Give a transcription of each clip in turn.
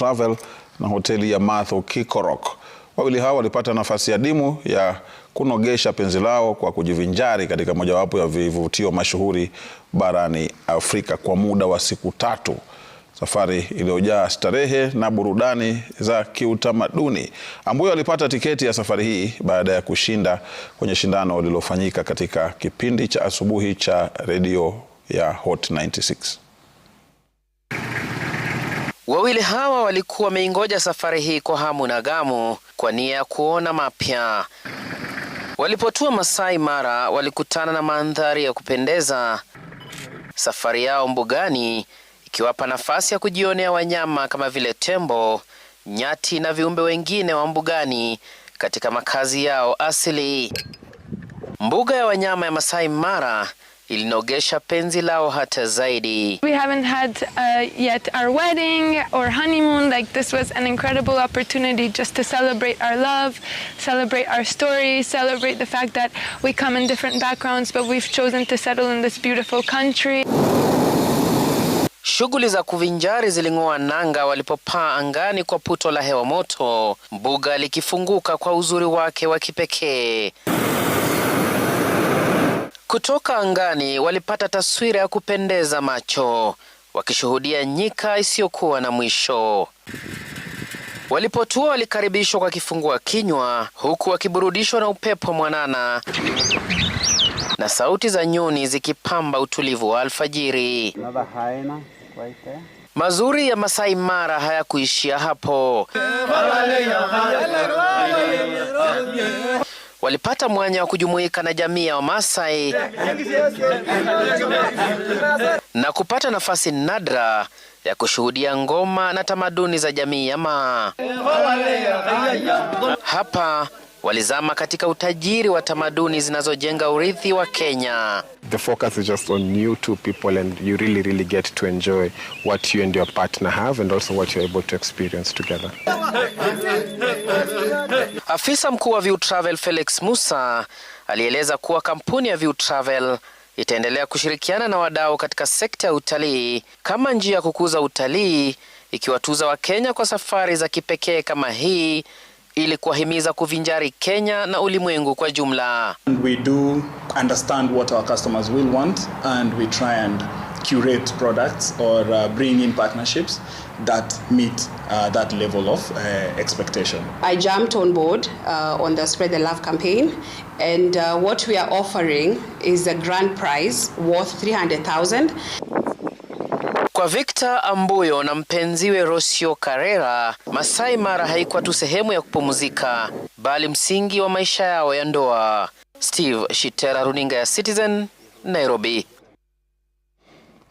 Travel na hoteli ya Matho Kikorok. Wawili hao walipata nafasi adimu ya kunogesha penzi lao kwa kujivinjari katika mojawapo ya vivutio mashuhuri barani Afrika kwa muda wa siku tatu, safari iliyojaa starehe na burudani za kiutamaduni. Ambuyo alipata tiketi ya safari hii baada ya kushinda kwenye shindano lililofanyika katika kipindi cha asubuhi cha redio ya Hot 96. Wawili hawa walikuwa wameingoja safari hii kwa hamu na gamu kwa nia ya kuona mapya. Walipotua Masai Mara, walikutana na mandhari ya kupendeza, safari yao mbugani ikiwapa nafasi ya kujionea wanyama kama vile tembo, nyati na viumbe wengine wa mbugani katika makazi yao asili. Mbuga ya wanyama ya Masai Mara ilinogesha penzi lao hata zaidi. We haven't had uh, yet our wedding or honeymoon like this was an incredible opportunity just to celebrate our love, celebrate our story, celebrate the fact that we come in different backgrounds but we've chosen to settle in this beautiful country. Shughuli za kuvinjari ziling'oa nanga walipopaa angani kwa puto la hewa moto, mbuga likifunguka kwa uzuri wake wa kipekee. Kutoka angani walipata taswira ya kupendeza macho, wakishuhudia nyika isiyokuwa na mwisho. Walipotua walikaribishwa kwa kifungua kinywa, huku wakiburudishwa na upepo mwanana na sauti za nyuni zikipamba utulivu wa alfajiri. Mazuri ya Masai Mara hayakuishia hapo. walipata mwanya wa kujumuika na jamii ya Wamasai na kupata nafasi nadra ya kushuhudia ngoma na tamaduni za jamii ya Maa. Hapa walizama katika utajiri wa tamaduni zinazojenga urithi wa Kenya. The focus is just on you two people and you really really get to enjoy what you and your partner have and also what you're able to experience together. Afisa mkuu wa View Travel Felix Musa alieleza kuwa kampuni ya View Travel itaendelea kushirikiana na wadau katika sekta ya utalii kama njia ya kukuza utalii, ikiwatuza Wakenya kwa safari za kipekee kama hii ili kuwahimiza kuvinjari Kenya na ulimwengu kwa jumla. And we do understand what our customers will want and we try and curate products or uh, bring in partnerships that meet uh, that level of uh, expectation. I jumped on board uh, on the Spread the Love campaign, and uh, what we are offering is a grand prize worth 300,000. Kwa Victor Ambuyo na mpenziwe Rocio Carrera, Masai Mara haikuwa tu sehemu ya kupumzika, bali msingi wa maisha yao ya ndoa. Steve Shitera, Runinga ya Citizen, Nairobi.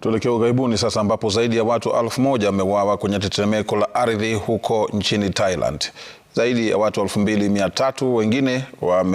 Tuelekea ughaibuni sasa ambapo zaidi ya watu elfu moja wameuawa kwenye tetemeko la ardhi huko nchini Thailand. Zaidi ya watu elfu mbili mia tatu wengine wame